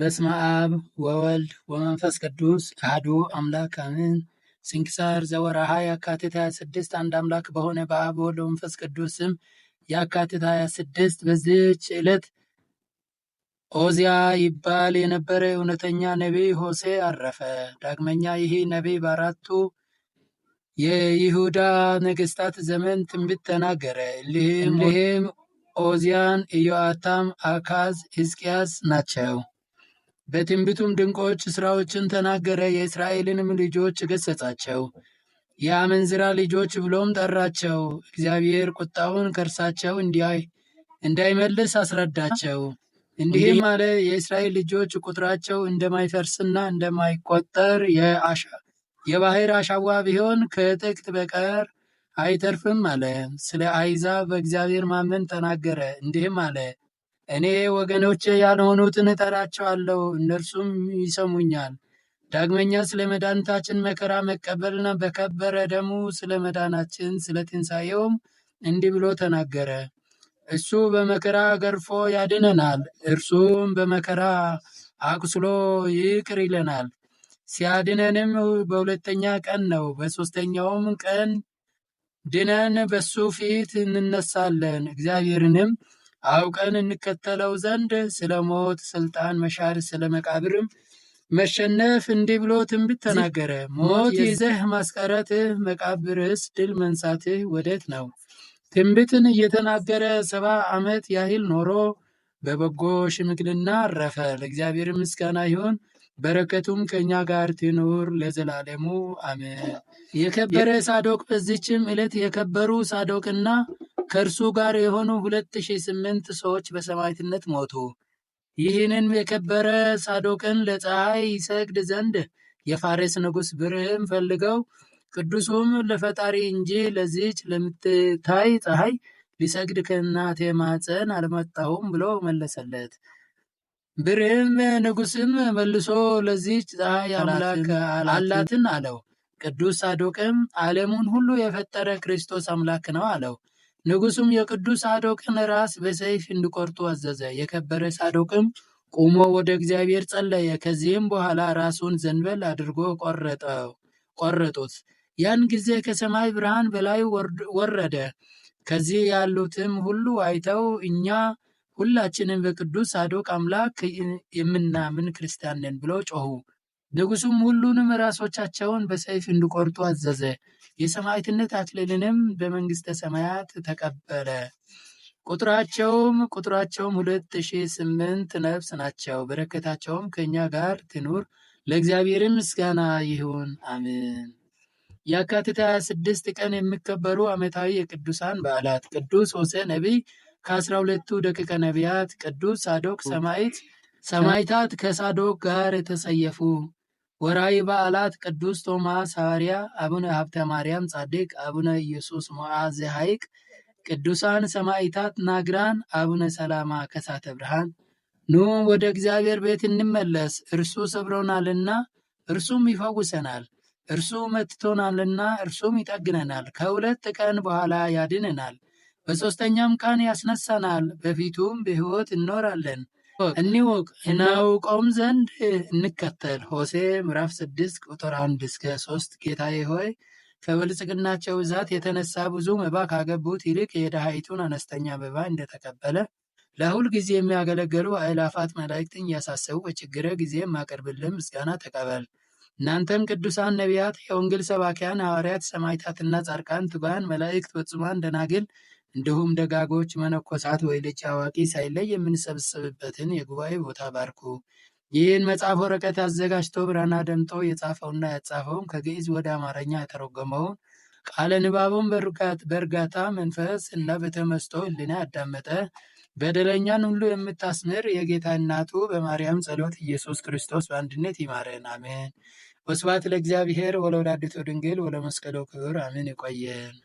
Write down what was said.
በስመ አብ ወወልድ ወመንፈስ ቅዱስ አሐዱ አምላክ አሜን። ስንክሳር ዘወርኃ የካቲት 26 አንድ አምላክ በሆነ በአብ ወወልድ ወመንፈስ ቅዱስ ስም የካቲት 26 በዚህች ዕለት ኦዚያ ይባል የነበረ እውነተኛ ነቢይ ሆሴ አረፈ። ዳግመኛ ይህ ነቢይ በአራቱ የይሁዳ ነገሥታት ዘመን ትንቢት ተናገረ። እሊህም ኦዚያን፣ ኢዮአታም፣ አካዝ፣ ሕዝቅያስ ናቸው። በትንቢቱም ድንቆች ሥራዎችን ተናገረ። የእስራኤልንም ልጆች ገሠጻቸው፣ የአመንዝራ ልጆች ብሎም ጠራቸው። እግዚአብሔር ቁጣውን ከእርሳቸው እንዳይመልስ አስረዳቸው። እንዲህም አለ፣ የእስራኤል ልጆች ቁጥራቸው እንደማይፈርስና እንደማይቆጠር የባህር አሸዋ ቢሆን ከጥቅት በቀር አይተርፍም አለ። ስለ አሕዛብ በእግዚአብሔር ማመን ተናገረ፣ እንዲህም አለ እኔ ወገኖቼ ያልሆኑትን እጠራቸዋለሁ፣ እነርሱም ይሰሙኛል። ዳግመኛ ስለ መድኃኒታችን መከራ መቀበልና በከበረ ደሙ ስለ መዳናችን ስለ ትንሣኤውም እንዲህ ብሎ ተናገረ። እሱ በመከራ ገርፎ ያድነናል፣ እርሱም በመከራ አቁስሎ ይቅር ይለናል። ሲያድነንም በሁለተኛ ቀን ነው። በሦስተኛውም ቀን ድነን በሱ ፊት እንነሳለን፣ እግዚአብሔርንም አውቀን እንከተለው ዘንድ ስለ ሞት ስልጣን መሻር ስለ መቃብርም መሸነፍ እንዲህ ብሎ ትንቢት ተናገረ። ሞት ይዘህ ማስቀረትህ መቃብርስ ድል መንሳትህ ወዴት ነው? ትንቢትን እየተናገረ ሰባ ዓመት ያህል ኖሮ በበጎ ሽምግልና አረፈ። ለእግዚአብሔር ምስጋና ይሁን፣ በረከቱም ከእኛ ጋር ትኑር ለዘላለሙ አሜን። የከበረ ሳዶቅ በዚችም ዕለት የከበሩ ሳዶቅና ከእርሱ ጋር የሆኑ ሁለት ሺህ ስምንት ሰዎች በሰማዕትነት ሞቱ። ይህንን የከበረ ሳዶቅን ለፀሐይ ይሰግድ ዘንድ የፋሬስ ንጉሥ ብርህም ፈልገው፣ ቅዱሱም ለፈጣሪ እንጂ ለዚች ለምትታይ ፀሐይ ሊሰግድ ከእናቴ ማፀን አልመጣሁም ብሎ መለሰለት። ብርህም ንጉሥም መልሶ ለዚች ፀሐይ አምላክ አላትን አለው። ቅዱስ ሳዶቅም ዓለሙን ሁሉ የፈጠረ ክርስቶስ አምላክ ነው አለው። ንጉሱም የቅዱስ ሳዶቅን ራስ በሰይፍ እንዲቆርጡ አዘዘ። የከበረ ሳዶቅም ቆሞ ወደ እግዚአብሔር ጸለየ። ከዚህም በኋላ ራሱን ዘንበል አድርጎ ቆረጡት። ያን ጊዜ ከሰማይ ብርሃን በላይ ወረደ። ከዚህ ያሉትም ሁሉ አይተው እኛ ሁላችንም በቅዱስ ሳዶቅ አምላክ የምናምን ክርስቲያን ነን ብለው ጮኹ። ንጉሱም ሁሉንም ራሶቻቸውን በሰይፍ እንዲቆርጡ አዘዘ። የሰማዕትነት አክሊልንም በመንግሥተ ሰማያት ተቀበለ። ቁጥራቸውም ቁጥራቸውም ሁለት ሺህ ስምንት ነፍስ ናቸው። በረከታቸውም ከእኛ ጋር ትኑር። ለእግዚአብሔር ምስጋና ይሁን አሜን። የካቲት 26 ቀን የሚከበሩ ዓመታዊ የቅዱሳን በዓላት ቅዱስ ሆሴዕ ነቢይ ከአስራ ሁለቱ ደቂቀ ነቢያት፣ ቅዱስ ሳዶቅ ሰማዕት ሰማዕታት ከሳዶቅ ጋር የተሰየፉ ወራዊ በዓላት ቅዱስ ቶማስ ሐዋርያ፣ አቡነ ሀብተ ማርያም ጻድቅ፣ አቡነ ኢየሱስ ሞዐ ዘሐይቅ፣ ቅዱሳን ሰማዕታት ናግራን፣ አቡነ ሰላማ ከሳተ ብርሃን። ኑ ወደ እግዚአብሔር ቤት እንመለስ፣ እርሱ ሰብሮናልና እርሱም ይፈውሰናል፣ እርሱ መትቶናልና እርሱም ይጠግነናል፣ ከሁለት ቀን በኋላ ያድነናል፣ በሦስተኛም ቀን ያስነሳናል፣ በፊቱም በሕይወት እኖራለን። እንወቅ እናውቀውም ዘንድ እንከተል። ሆሴ ምዕራፍ ስድስት ቁጥር አንድ እስከ 3 ጌታዬ ሆይ ከብልጽግናቸው ብዛት የተነሳ ብዙ መባ ካገቡት ይልቅ የድሃይቱን አነስተኛ መባ እንደተቀበለ ለሁል ጊዜ የሚያገለግሉ አእላፋት መላእክትን እያሳሰቡ በችግረ ጊዜ የማቀርብልን ምስጋና ተቀበል። እናንተም ቅዱሳን ነቢያት፣ የወንጌል ሰባኪያን ሐዋርያት፣ ሰማዕታትና ጻድቃን፣ ትጉሃን መላእክት፣ ፍጹማን ደናግል እንዲሁም ደጋጎች መነኮሳት ወይ ልጅ አዋቂ ሳይለይ የምንሰበሰብበትን የጉባኤ ቦታ ባርኩ። ይህን መጽሐፍ ወረቀት አዘጋጅቶ ብራና ደምጦ የጻፈውና ያጻፈውም ከግዕዝ ወደ አማርኛ የተረጎመውን ቃለ ንባቡን በእርጋታ መንፈስ እና በተመስጦ ሕሊና ያዳመጠ በደለኛን ሁሉ የምታስምር የጌታ እናቱ በማርያም ጸሎት ኢየሱስ ክርስቶስ በአንድነት ይማረን፣ አሜን። ወስብሐት ለእግዚአብሔር ወለወላዲቱ ድንግል ወለመስቀሉ ክቡር፣ አሜን። ይቆየን።